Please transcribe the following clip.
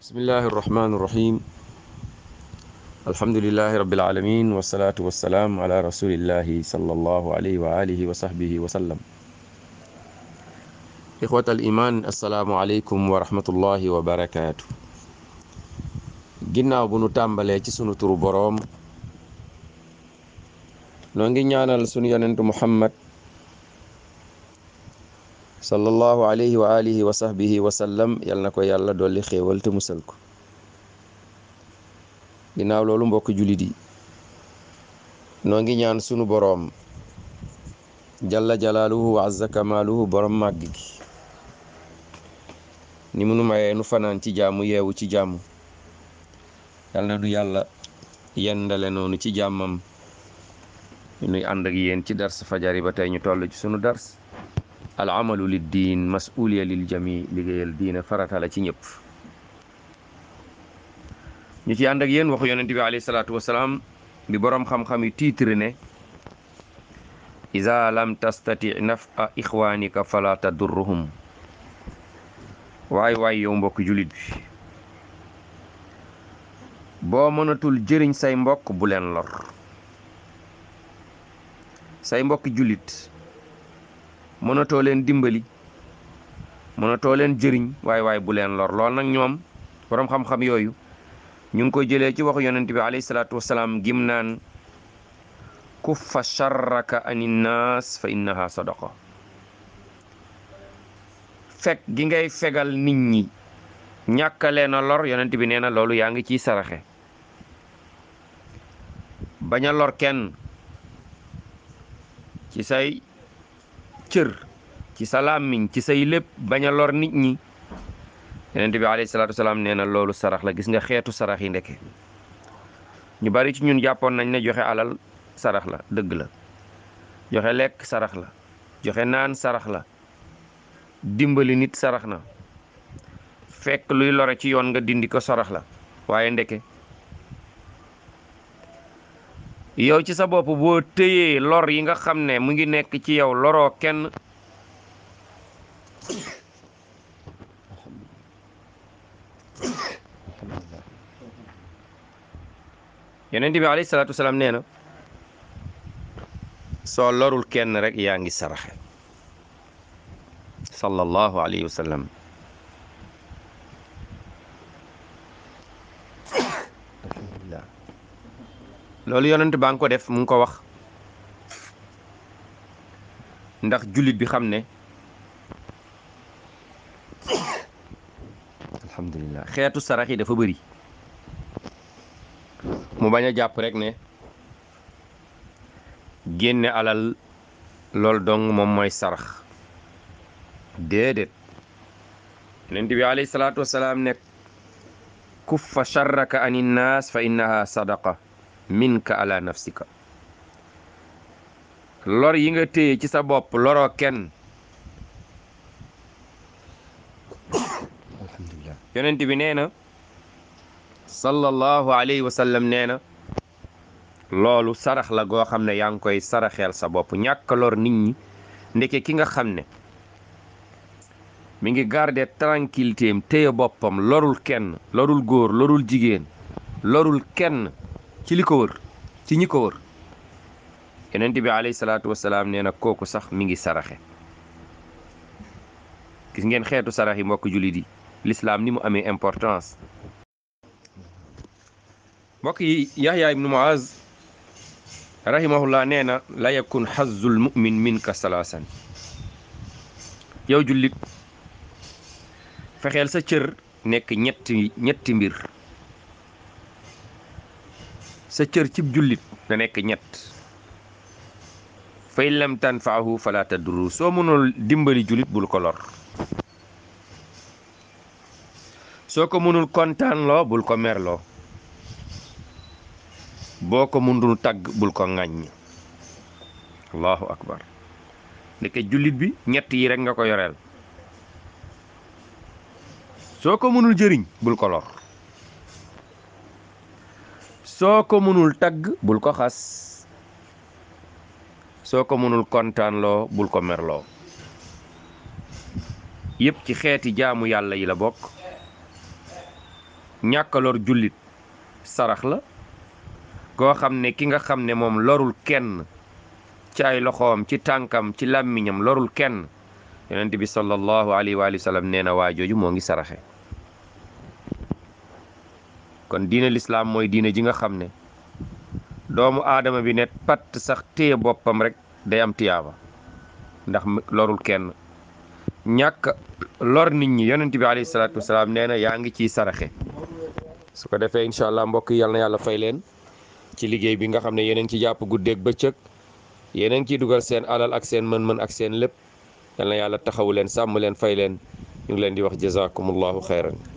bismillahi irrahmani irrahim alhamdulilahi rabilalamin wasalaatu wassalaam ala rasulillahi sallallahu alayhi wa alihi wa sahbihi wa sallam ixwat al iman assalaamu aleykum wa rahmatullahi wa barakaatu ginnaaw bu nu tàmbalee ci sunu turu boroom noo ngi ñaanal sunu yonentu muhammad sallallahu alayhi wa alihi wa sahbihi wa yal na ko yàlla dolli xéewal te musal ko ginnaaw loolu mbokk jullit noo ngi ñaan sunu boroom jalla jalaaluhu wa azza kamaaluhu borom màgg gi ni mu nu mayee nu fanaan ci jàmm yeewu ci jàmm yal na nu yàlla yendale noonu ci jàmmam nuy ànd ak yéen ci dars fajari ba tey ñu toll ci sunu dars al amalu lid diin lil jami liggéeyal diine farata ci ñëpp ñu ci ànd ak yéen waxu yonent bi alayhi salaatu wasalaam bi boroom xam-xam yi ne iza lam tastati nafa ixwaanika fala tadurruhum waay waay yow mbokk julit bi boo mënatul jëriñ say mbokk bu leen lor say mbokk julit mënatoo leen dimbali mënatoo leen jëriñ waay waay bu leen lor lool nag ñoom boroom xam-xam yooyu ñu ngi koy jëlee ci waxu yonent bi alayhi salaatu wasalaam gim naan kuffa sharraka anin naas fa innaha sadaqa fekk gi ngay fegal nit ñi ñàkkalee na lor yonent bi nee na loolu yaa ngi ciy saraxe bañ a lor kenn ci say cër ci sa làmmiñ ci say lépp bañ a lor nit ñi yonent bi alayhi salaatu salaam nee na loolu sarax la gis nga xeetu sarax yi ndeke ñu bari ci ñun jàppoon nañ ne joxe alal sarax la dëgg la joxe lekk sarax la joxe naan sarax la dimbali nit sarax na fekk luy lore ci yoon nga dindi ko sarax la waaye ndeke yow ci sa bopp boo téyee lor yi nga xam ne mu ngi nekk ci yow loroo kenn yonent bi alayhi salaatu wasalaam nee na soo lorul kenn rek yaa ngi saraxe sallallahu alayhi wa sallam loolu yonent baa ngi ko def mu ngi ko wax ndax jullit bi xam ne alhamdulilah xeetu sarax yi dafa bari mu bañ a jàpp rek ne génne alal loolu dong moom mooy sarax déedéet yonent bi alayhi salaatu wasalaam nekk kuffa sharraka anin naas fa innaha sadaqa minka ala lor yi nga téye ci sa bopp loroo kenn alhamdulillah yonent bi nee na sallallahu alayhi wa nee na loolu sarax la goo xam ne yaa ngi koy saraxeel sa bopp ñàkk lor nit ñi ndeke ki nga xam ne mu ngi garde tranquillité téye boppam lorul kenn lorul góor lorul jigéen lorul kenn ci li ko wër ci ñi ko wër yonent bi alayhi salaatu wasalaam nee na kooku sax mi ngi saraxe gis ngeen xeetu sarax mbokk jullit yi lislaam ni mu amee importance mbokk yi yaxya ibnu muaz rahimahullah nee na la yakun xazzul mumin minka salaasan yow jullit fexeel sa cër nekk ñetti mbir sa cër cib jullit na nekk ñett fay lam tanfaahu fala tadru soo dimbali jullit bul ko soo ko mënul kontaanloo bul ko merloo boo ko mënul tàgg bul ko ŋàññ allahu akbar ndeke jullit bi ñett yi rekk nga ko yoreel soo ko mënul jëriñ bul ko lor soo ko mënul tagg bul ko xas soo ko mënul kontaanloo bul ko merloo yépp ci xeeti jaamu yàlla yi la bokk ñàkk a lor jullit sarax la koo xam ne ki nga xam ne moom lorul kenn ci ay loxoom ci tànkam ci làmmiñam lorul kenn yonent bi sallallahu alayhi wa sallam nee na waa jooju moo ngi saraxe kon diine lislaam mooy diine ji nga xam ne doomu aadama bi ne patt sax téye boppam rek day am tiyaaba ndax lorul kenn ñàkk lor nit ñi yonent bi alayhi salaatu wasalaam nee na yaa ngi ciy saraxe su ko defee incha allah mbokk yi yal na yàlla fay leen ci liggéey bi nga xam ne yeneen ci jàpp guddeeg bëccëg yeneen ciy dugal seen alal ak seen mën-mën ak seen lépp yal na yàlla taxawu leen sàmm leen fay leen ñu ngi leen di wax jazakumullahu xeyran